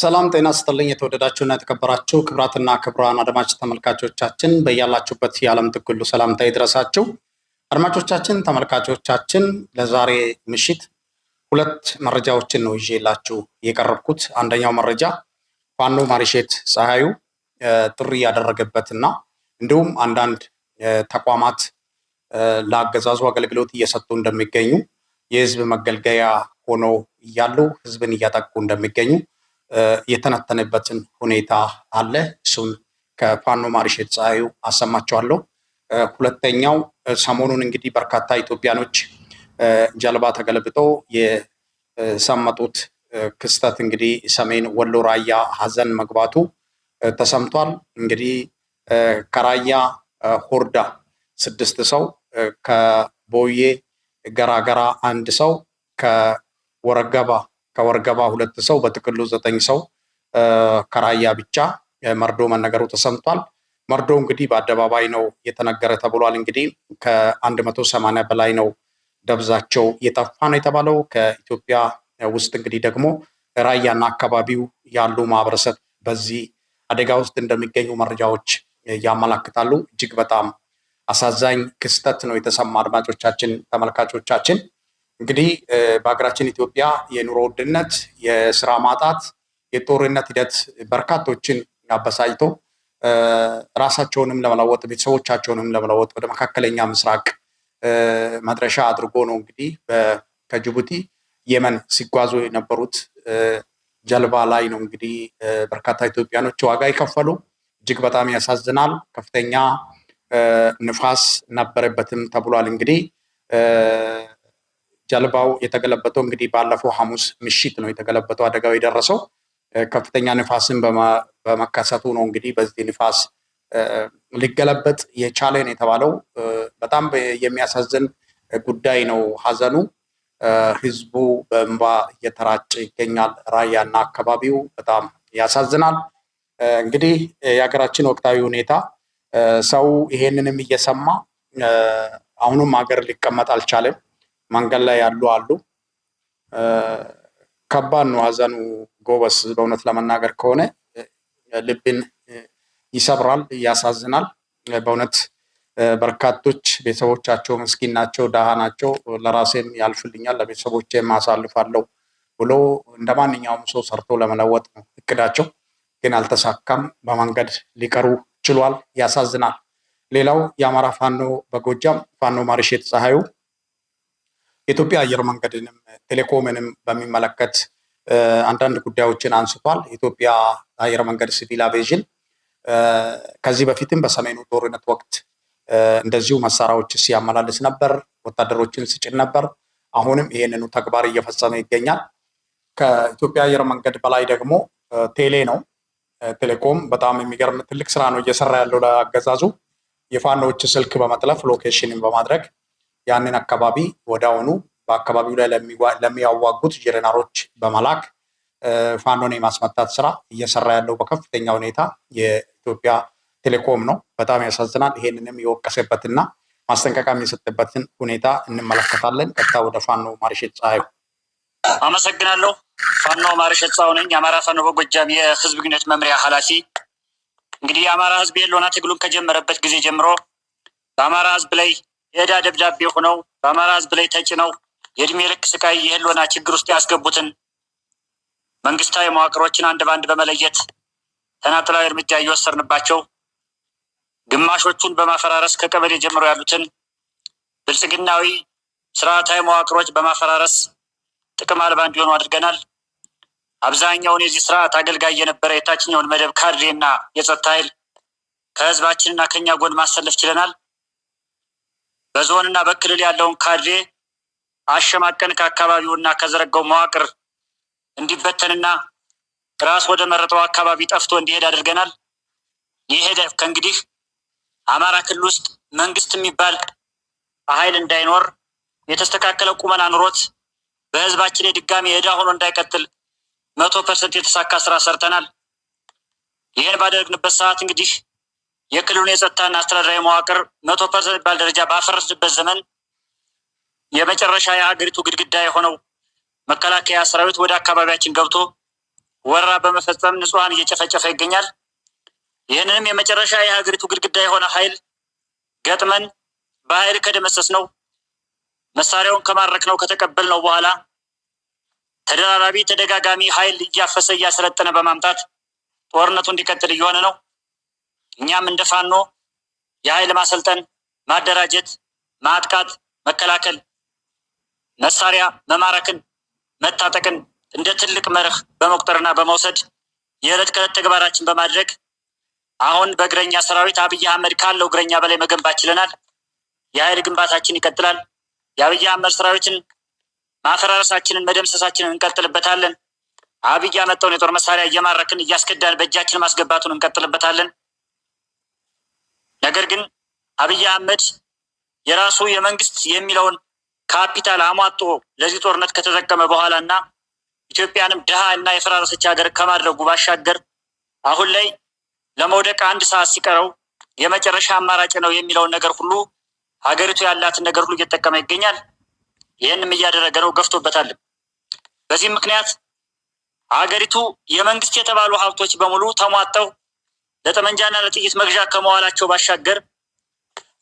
ሰላም ጤና ስጥልኝ። የተወደዳችሁና የተከበራችሁ ክብራትና ክብራን አድማጭ ተመልካቾቻችን በያላችሁበት የዓለም ጥግ ሁሉ ሰላምታ ይድረሳችሁ። አድማጮቻችን፣ ተመልካቾቻችን ለዛሬ ምሽት ሁለት መረጃዎችን ነው ይዤላችሁ የቀረብኩት። አንደኛው መረጃ ፋኖ ማሪሼት ፀሐዩ ጥሪ ያደረገበትና እንዲሁም አንዳንድ ተቋማት ለአገዛዙ አገልግሎት እየሰጡ እንደሚገኙ የህዝብ መገልገያ ሆኖ እያሉ ህዝብን እያጠቁ እንደሚገኙ የተነተነበትን ሁኔታ አለ። እሱም ከፋኖ ማሪሼት ፀሐዩ አሰማቸዋለሁ። ሁለተኛው ሰሞኑን እንግዲህ በርካታ ኢትዮጵያኖች ጀልባ ተገልብጦ የሰመጡት ክስተት እንግዲህ ሰሜን ወሎ ራያ ሀዘን መግባቱ ተሰምቷል። እንግዲህ ከራያ ሆርዳ ስድስት ሰው ከቦዬ ገራገራ አንድ ሰው ከወረገባ ከወርገባ ሁለት ሰው በጥቅሉ ዘጠኝ ሰው ከራያ ብቻ መርዶ መነገሩ ተሰምቷል። መርዶ እንግዲህ በአደባባይ ነው የተነገረ ተብሏል። እንግዲህ ከአንድ መቶ ሰማንያ በላይ ነው ደብዛቸው የጠፋ ነው የተባለው። ከኢትዮጵያ ውስጥ እንግዲህ ደግሞ ራያና አካባቢው ያሉ ማህበረሰብ በዚህ አደጋ ውስጥ እንደሚገኙ መረጃዎች ያመላክታሉ። እጅግ በጣም አሳዛኝ ክስተት ነው የተሰማ። አድማጮቻችን፣ ተመልካቾቻችን እንግዲህ በሀገራችን ኢትዮጵያ የኑሮ ውድነት፣ የስራ ማጣት፣ የጦርነት ሂደት በርካቶችን አበሳጭቶ ራሳቸውንም ለመለወጥ ቤተሰቦቻቸውንም ለመለወጥ ወደ መካከለኛ ምስራቅ መድረሻ አድርጎ ነው እንግዲህ ከጅቡቲ የመን ሲጓዙ የነበሩት ጀልባ ላይ ነው እንግዲህ በርካታ ኢትዮጵያኖች ዋጋ የከፈሉ። እጅግ በጣም ያሳዝናል። ከፍተኛ ንፋስ ነበረበትም ተብሏል እንግዲህ ጀልባው የተገለበጠው እንግዲህ ባለፈው ሐሙስ ምሽት ነው የተገለበጠው አደጋው የደረሰው። ከፍተኛ ንፋስን በመከሰቱ ነው እንግዲህ በዚህ ንፋስ ሊገለበጥ የቻለን የተባለው። በጣም የሚያሳዝን ጉዳይ ነው ሀዘኑ። ህዝቡ በእንባ እየተራጨ ይገኛል። ራያና አካባቢው በጣም ያሳዝናል። እንግዲህ የሀገራችን ወቅታዊ ሁኔታ ሰው ይሄንንም እየሰማ አሁኑም ሀገር ሊቀመጥ አልቻለም። መንገድ ላይ ያሉ አሉ። ከባድ ነው ሀዘኑ ጎበስ። በእውነት ለመናገር ከሆነ ልብን ይሰብራል፣ ያሳዝናል። በእውነት በርካቶች ቤተሰቦቻቸው ምስኪን ናቸው፣ ድሃ ናቸው። ለራሴም ያልፍልኛል፣ ለቤተሰቦቼም አሳልፋለሁ ብሎ እንደ ማንኛውም ሰው ሰርቶ ለመለወጥ ነው እቅዳቸው፣ ግን አልተሳካም። በመንገድ ሊቀሩ ችሏል። ያሳዝናል። ሌላው የአማራ ፋኖ በጎጃም ፋኖ ማርሼት ፀሐዩ የኢትዮጵያ አየር መንገድንም ቴሌኮምንም በሚመለከት አንዳንድ ጉዳዮችን አንስቷል። የኢትዮጵያ አየር መንገድ ሲቪል አቬዥን ከዚህ በፊትም በሰሜኑ ጦርነት ወቅት እንደዚሁ መሳሪያዎች ሲያመላልስ ነበር፣ ወታደሮችን ሲጭን ነበር። አሁንም ይህንኑ ተግባር እየፈጸመ ይገኛል። ከኢትዮጵያ አየር መንገድ በላይ ደግሞ ቴሌ ነው። ቴሌኮም በጣም የሚገርም ትልቅ ስራ ነው እየሰራ ያለው ለአገዛዙ የፋኖች ስልክ በመጥለፍ ሎኬሽንን በማድረግ ያንን አካባቢ ወዳውኑ በአካባቢው ላይ ለሚያዋጉት ጀነራሎች በመላክ ፋኖን የማስመታት ስራ እየሰራ ያለው በከፍተኛ ሁኔታ የኢትዮጵያ ቴሌኮም ነው። በጣም ያሳዝናል። ይሄንንም የወቀሰበትና ማስጠንቀቂያ የሚሰጥበትን ሁኔታ እንመለከታለን። ቀጥታ ወደ ፋኖ ማርሸት ፀሐዩ አመሰግናለሁ። ፋኖ ማርሸት ፀሐዩ ነኝ። የአማራ ፋኖ በጎጃም የህዝብ ግንኙነት መምሪያ ኃላፊ። እንግዲህ የአማራ ህዝብ የለውና ትግሉን ከጀመረበት ጊዜ ጀምሮ በአማራ ህዝብ ላይ የዕዳ ደብዳቤ ሆነው በአማራ ህዝብ ላይ ተጭነው የእድሜ ልክ ስቃይ የህልውና ችግር ውስጥ ያስገቡትን መንግስታዊ መዋቅሮችን አንድ በአንድ በመለየት ተናጥላዊ እርምጃ እየወሰድንባቸው ግማሾቹን በማፈራረስ ከቀበሌ ጀምሮ ያሉትን ብልጽግናዊ ስርዓታዊ መዋቅሮች በማፈራረስ ጥቅም አልባ እንዲሆኑ አድርገናል። አብዛኛውን የዚህ ስርዓት አገልጋይ የነበረ የታችኛውን መደብ ካድሬና የጸጥታ ኃይል ከህዝባችንና ከኛ ጎን ማሰለፍ ችለናል። በዞንና በክልል ያለውን ካድሬ አሸማቀን ከአካባቢውና ከዘረጋው መዋቅር እንዲበተንና ራስ ወደ መረጠው አካባቢ ጠፍቶ እንዲሄድ አድርገናል። ይሄ ከእንግዲህ አማራ ክልል ውስጥ መንግስት የሚባል ኃይል እንዳይኖር የተስተካከለ ቁመና ኑሮት በህዝባችን የድጋሚ ሄዳ ሆኖ እንዳይቀጥል መቶ ፐርሰንት የተሳካ ስራ ሰርተናል። ይህን ባደረግንበት ሰዓት እንግዲህ የክልሉን የጸጥታና አስተዳደራዊ መዋቅር መቶ ፐርሰንት ባል ደረጃ ባፈረስንበት ዘመን የመጨረሻ የሀገሪቱ ግድግዳ የሆነው መከላከያ ሰራዊት ወደ አካባቢያችን ገብቶ ወረራ በመፈጸም ንጹሐን እየጨፈጨፈ ይገኛል። ይህንንም የመጨረሻ የሀገሪቱ ግድግዳ የሆነ ኃይል ገጥመን በኃይል ከደመሰስ ነው መሳሪያውን ከማድረክ ነው ከተቀበል ነው በኋላ ተደራራቢ ተደጋጋሚ ኃይል እያፈሰ እያሰለጠነ በማምጣት ጦርነቱ እንዲቀጥል እየሆነ ነው። እኛም እንደ ፋኖ የኃይል ማሰልጠን፣ ማደራጀት፣ ማጥቃት፣ መከላከል፣ መሳሪያ መማረክን፣ መታጠቅን እንደ ትልቅ መርህ በመቁጠርና በመውሰድ የዕለት ከዕለት ተግባራችን በማድረግ አሁን በእግረኛ ሰራዊት አብይ አህመድ ካለው እግረኛ በላይ መገንባት ችለናል። የኃይል ግንባታችን ይቀጥላል። የአብይ አህመድ ሰራዊትን ማፈራረሳችንን መደምሰሳችንን እንቀጥልበታለን። አብይ ያመጣውን የጦር መሳሪያ እየማረክን እያስከዳን በእጃችን ማስገባቱን እንቀጥልበታለን። ነገር ግን አብይ አህመድ የራሱ የመንግስት የሚለውን ካፒታል አሟጦ ለዚህ ጦርነት ከተጠቀመ በኋላ እና ኢትዮጵያንም ድሃ እና የፈራረሰች ሀገር ከማድረጉ ባሻገር አሁን ላይ ለመውደቅ አንድ ሰዓት ሲቀረው የመጨረሻ አማራጭ ነው የሚለውን ነገር ሁሉ ሀገሪቱ ያላትን ነገር ሁሉ እየተጠቀመ ይገኛል። ይህንም እያደረገ ነው፣ ገፍቶበታልም። በዚህም ምክንያት ሀገሪቱ የመንግስት የተባሉ ሀብቶች በሙሉ ተሟጠው ለጠመንጃና ለጥይት መግዣ ከመዋላቸው ባሻገር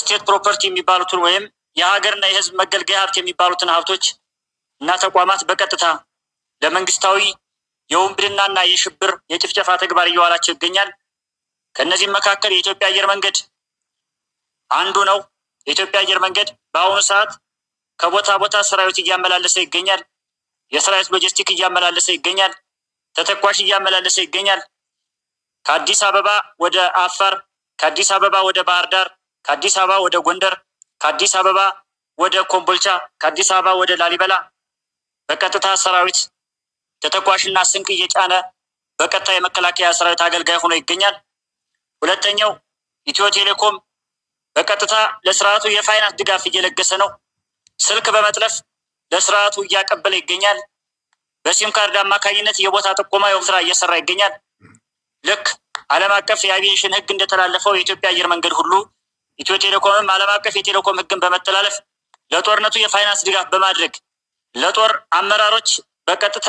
ስቴት ፕሮፐርቲ የሚባሉትን ወይም የሀገርና የሕዝብ መገልገያ ሀብት የሚባሉትን ሀብቶች እና ተቋማት በቀጥታ ለመንግስታዊ የውንብድናና የሽብር የጭፍጨፋ ተግባር እየዋላቸው ይገኛል። ከእነዚህም መካከል የኢትዮጵያ አየር መንገድ አንዱ ነው። የኢትዮጵያ አየር መንገድ በአሁኑ ሰዓት ከቦታ ቦታ ሰራዊት እያመላለሰ ይገኛል። የሰራዊት ሎጂስቲክ እያመላለሰ ይገኛል። ተተኳሽ እያመላለሰ ይገኛል። ከአዲስ አበባ ወደ አፋር፣ ከአዲስ አበባ ወደ ባህር ዳር፣ ከአዲስ አበባ ወደ ጎንደር፣ ከአዲስ አበባ ወደ ኮምቦልቻ፣ ከአዲስ አበባ ወደ ላሊበላ በቀጥታ ሰራዊት ተተኳሽና ስንቅ እየጫነ በቀጥታ የመከላከያ ሰራዊት አገልጋይ ሆኖ ይገኛል። ሁለተኛው ኢትዮ ቴሌኮም በቀጥታ ለስርዓቱ የፋይናንስ ድጋፍ እየለገሰ ነው። ስልክ በመጥለፍ ለስርዓቱ እያቀበለ ይገኛል። በሲም ካርድ አማካኝነት የቦታ ጥቆማ የወብ ስራ እየሰራ ይገኛል። ልክ ዓለም አቀፍ የአቪዬሽን ህግ እንደተላለፈው የኢትዮጵያ አየር መንገድ ሁሉ ኢትዮ ቴሌኮምም ዓለም አቀፍ የቴሌኮም ህግን በመተላለፍ ለጦርነቱ የፋይናንስ ድጋፍ በማድረግ ለጦር አመራሮች በቀጥታ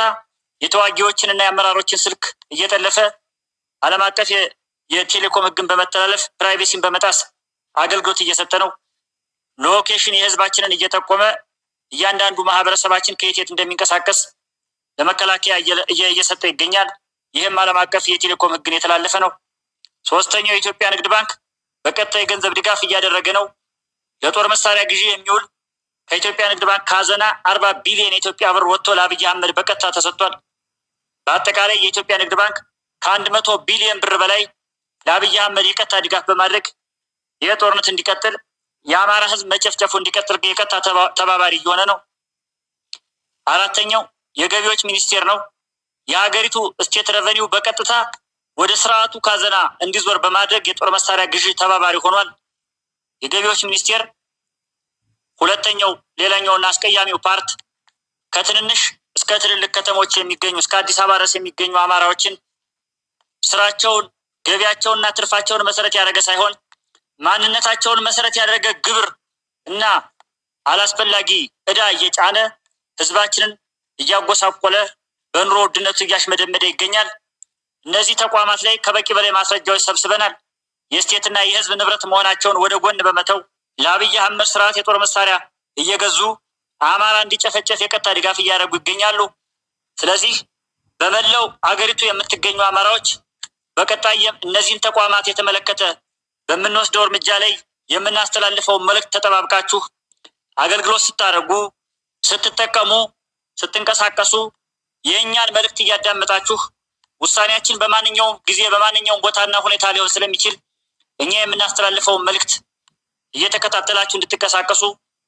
የተዋጊዎችን እና የአመራሮችን ስልክ እየጠለፈ ዓለም አቀፍ የቴሌኮም ህግን በመተላለፍ ፕራይቬሲን በመጣስ አገልግሎት እየሰጠ ነው። ሎኬሽን የህዝባችንን እየጠቆመ እያንዳንዱ ማህበረሰባችን ከየት የት እንደሚንቀሳቀስ ለመከላከያ እየሰጠ ይገኛል። ይህም ዓለም አቀፍ የቴሌኮም ህግን የተላለፈ ነው። ሶስተኛው የኢትዮጵያ ንግድ ባንክ በቀጣይ የገንዘብ ድጋፍ እያደረገ ነው። ለጦር መሳሪያ ግዢ የሚውል ከኢትዮጵያ ንግድ ባንክ ካዘና አርባ ቢሊዮን የኢትዮጵያ ብር ወጥቶ ለአብይ አህመድ በቀጥታ ተሰጥቷል። በአጠቃላይ የኢትዮጵያ ንግድ ባንክ ከአንድ መቶ ቢሊዮን ብር በላይ ለአብይ አህመድ የቀጥታ ድጋፍ በማድረግ ይህ ጦርነት እንዲቀጥል የአማራ ህዝብ መጨፍጨፉ እንዲቀጥል የቀጥታ ተባባሪ እየሆነ ነው። አራተኛው የገቢዎች ሚኒስቴር ነው። የሀገሪቱ ስቴት ረቨኒው በቀጥታ ወደ ስርዓቱ ካዘና እንዲዞር በማድረግ የጦር መሳሪያ ግዢ ተባባሪ ሆኗል። የገቢዎች ሚኒስቴር ሁለተኛው ሌላኛውና አስቀያሚው ፓርት ከትንንሽ እስከ ትልልቅ ከተሞች የሚገኙ እስከ አዲስ አበባ ድረስ የሚገኙ አማራዎችን ስራቸውን፣ ገቢያቸውንና ትርፋቸውን መሰረት ያደረገ ሳይሆን ማንነታቸውን መሰረት ያደረገ ግብር እና አላስፈላጊ እዳ እየጫነ ህዝባችንን እያጎሳቆለ በኑሮ ውድነቱ እያሽመደመደ ይገኛል። እነዚህ ተቋማት ላይ ከበቂ በላይ ማስረጃዎች ሰብስበናል። የስቴትና የህዝብ ንብረት መሆናቸውን ወደ ጎን በመተው ለአብይ አህመድ ስርዓት የጦር መሳሪያ እየገዙ አማራ እንዲጨፈጨፍ የቀጥታ ድጋፍ እያደረጉ ይገኛሉ። ስለዚህ በመላው አገሪቱ የምትገኙ አማራዎች በቀጣይም እነዚህን ተቋማት የተመለከተ በምንወስደው እርምጃ ላይ የምናስተላልፈውን መልእክት ተጠባብቃችሁ አገልግሎት ስታደርጉ፣ ስትጠቀሙ፣ ስትንቀሳቀሱ የእኛን መልእክት እያዳመጣችሁ ውሳኔያችን በማንኛውም ጊዜ በማንኛውም ቦታና ሁኔታ ሊሆን ስለሚችል እኛ የምናስተላልፈውን መልእክት እየተከታተላችሁ እንድትንቀሳቀሱ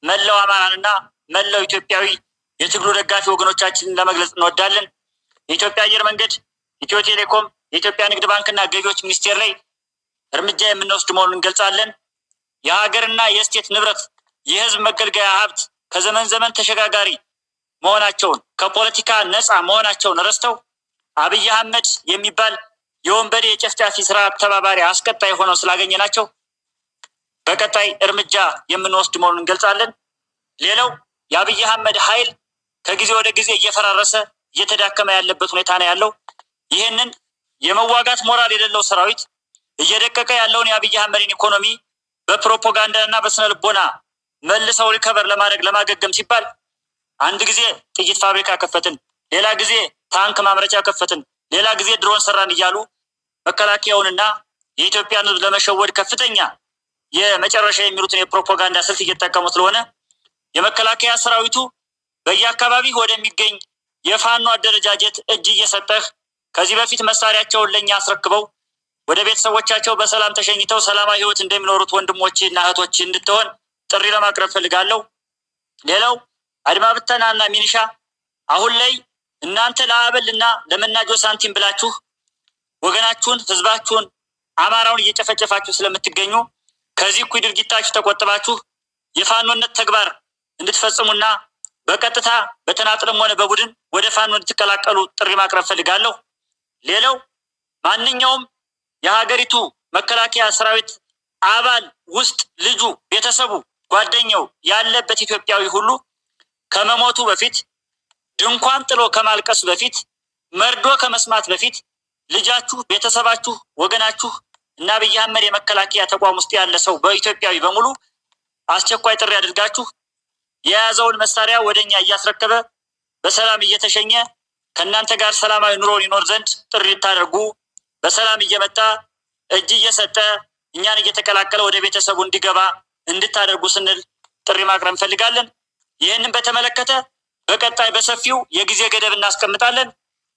መላው አማራንና መላው ኢትዮጵያዊ የትግሉ ደጋፊ ወገኖቻችንን ለመግለጽ እንወዳለን። የኢትዮጵያ አየር መንገድ፣ ኢትዮ ቴሌኮም፣ የኢትዮጵያ ንግድ ባንክና ገቢዎች ሚኒስቴር ላይ እርምጃ የምንወስድ መሆኑን እንገልጻለን። የሀገርና የስቴት ንብረት የህዝብ መገልገያ ሀብት ከዘመን ዘመን ተሸጋጋሪ መሆናቸውን ከፖለቲካ ነፃ መሆናቸውን ረስተው አብይ አህመድ የሚባል የወንበዴ የጨፍጫፊ ስራ ተባባሪ አስቀጣይ ሆነው ስላገኘ ናቸው። በቀጣይ እርምጃ የምንወስድ መሆኑን እንገልጻለን። ሌላው የአብይ አህመድ ኃይል ከጊዜ ወደ ጊዜ እየፈራረሰ እየተዳከመ ያለበት ሁኔታ ነው ያለው። ይህንን የመዋጋት ሞራል የሌለው ሰራዊት እየደቀቀ ያለውን የአብይ አህመድን ኢኮኖሚ በፕሮፓጋንዳ እና በስነ ልቦና መልሰው ሪከቨር ለማድረግ ለማገገም ሲባል አንድ ጊዜ ጥይት ፋብሪካ ከፈትን፣ ሌላ ጊዜ ታንክ ማምረቻ ከፈትን፣ ሌላ ጊዜ ድሮን ሰራን እያሉ መከላከያውንና የኢትዮጵያን ሕዝብ ለመሸወድ ከፍተኛ የመጨረሻ የሚሉትን የፕሮፓጋንዳ ስልት እየተጠቀሙ ስለሆነ የመከላከያ ሰራዊቱ በየአካባቢ ወደሚገኝ የፋኖ አደረጃጀት እጅ እየሰጠህ ከዚህ በፊት መሳሪያቸውን ለእኛ አስረክበው ወደ ቤተሰቦቻቸው በሰላም ተሸኝተው ሰላማዊ ህይወት እንደሚኖሩት ወንድሞችና እህቶች እንድትሆን ጥሪ ለማቅረብ ፈልጋለሁ። ሌላው አድማ እና ሚኒሻ አሁን ላይ እናንተ እና ለመናጆ ሳንቲም ብላችሁ ወገናችሁን፣ ህዝባችሁን፣ አማራውን እየጨፈጨፋችሁ ስለምትገኙ ከዚህ እኩይ ድርጊታችሁ ተቆጥባችሁ የፋኖነት ተግባር እንድትፈጽሙና በቀጥታ በተናጥልም ሆነ በቡድን ወደ ፋኖ እንድትቀላቀሉ ጥሪ ማቅረብ ፈልጋለሁ። ሌላው ማንኛውም የሀገሪቱ መከላከያ ሰራዊት አባል ውስጥ ልጁ፣ ቤተሰቡ፣ ጓደኛው ያለበት ኢትዮጵያዊ ሁሉ ከመሞቱ በፊት ድንኳን ጥሎ ከማልቀስ በፊት መርዶ ከመስማት በፊት ልጃችሁ፣ ቤተሰባችሁ፣ ወገናችሁ እና አብይ አህመድ የመከላከያ ተቋም ውስጥ ያለ ሰው በኢትዮጵያዊ በሙሉ አስቸኳይ ጥሪ አድርጋችሁ የያዘውን መሳሪያ ወደ እኛ እያስረከበ በሰላም እየተሸኘ ከእናንተ ጋር ሰላማዊ ኑሮን ይኖር ዘንድ ጥሪ ልታደርጉ በሰላም እየመጣ እጅ እየሰጠ እኛን እየተቀላቀለ ወደ ቤተሰቡ እንዲገባ እንድታደርጉ ስንል ጥሪ ማቅረብ እንፈልጋለን። ይህንን በተመለከተ በቀጣይ በሰፊው የጊዜ ገደብ እናስቀምጣለን።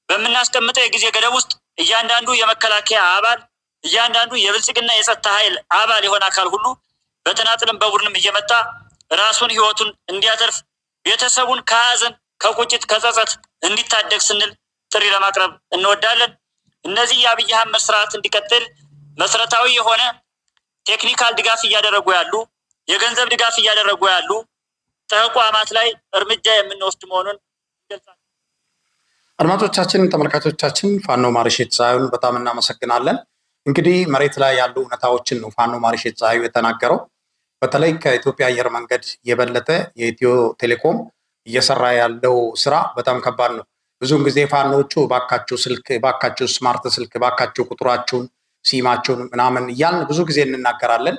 በምናስቀምጠው የጊዜ ገደብ ውስጥ እያንዳንዱ የመከላከያ አባል፣ እያንዳንዱ የብልጽግና የጸጥታ ኃይል አባል የሆነ አካል ሁሉ በተናጥልም በቡድንም እየመጣ ራሱን ህይወቱን እንዲያተርፍ ቤተሰቡን ከሀዘን ከቁጭት ከጸጸት እንዲታደግ ስንል ጥሪ ለማቅረብ እንወዳለን። እነዚህ የአብይ አህመድ ስርዓት እንዲቀጥል መሰረታዊ የሆነ ቴክኒካል ድጋፍ እያደረጉ ያሉ የገንዘብ ድጋፍ እያደረጉ ያሉ ተቋማት ላይ እርምጃ የምንወስድ መሆኑን ይገልጻል። አድማጮቻችን፣ ተመልካቾቻችን ፋኖ ማሪሼት ፀሐዩን በጣም እናመሰግናለን። እንግዲህ መሬት ላይ ያሉ እውነታዎችን ነው ፋኖ ማሪሼት ፀሐዩ የተናገረው። በተለይ ከኢትዮጵያ አየር መንገድ የበለጠ የኢትዮ ቴሌኮም እየሰራ ያለው ስራ በጣም ከባድ ነው። ብዙውን ጊዜ ፋኖቹ ባካችሁ ስልክ፣ ባካችሁ ስማርት ስልክ፣ ባካችሁ ቁጥራችሁን፣ ሲማችሁን ምናምን እያልን ብዙ ጊዜ እንናገራለን።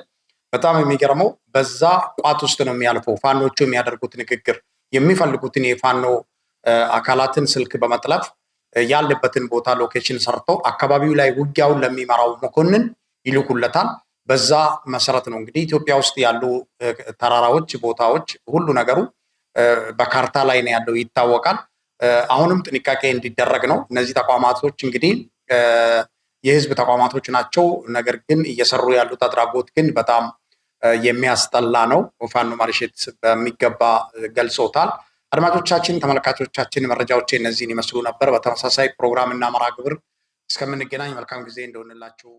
በጣም የሚገርመው በዛ ቋት ውስጥ ነው የሚያልፈው። ፋኖቹ የሚያደርጉት ንግግር የሚፈልጉትን የፋኖ አካላትን ስልክ በመጥለፍ ያለበትን ቦታ ሎኬሽን ሰርተው አካባቢው ላይ ውጊያውን ለሚመራው መኮንን ይልኩለታል። በዛ መሰረት ነው እንግዲህ ኢትዮጵያ ውስጥ ያሉ ተራራዎች፣ ቦታዎች፣ ሁሉ ነገሩ በካርታ ላይ ነው ያለው ይታወቃል። አሁንም ጥንቃቄ እንዲደረግ ነው። እነዚህ ተቋማቶች እንግዲህ የህዝብ ተቋማቶች ናቸው። ነገር ግን እየሰሩ ያሉት አድራጎት ግን በጣም የሚያስጠላ ነው። ፋኖ ማርሼት በሚገባ ገልጾታል። አድማጮቻችን፣ ተመልካቾቻችን መረጃዎች እነዚህን ይመስሉ ነበር። በተመሳሳይ ፕሮግራም እና መርሃ ግብር እስከምንገናኝ መልካም ጊዜ እንደሆንላችሁ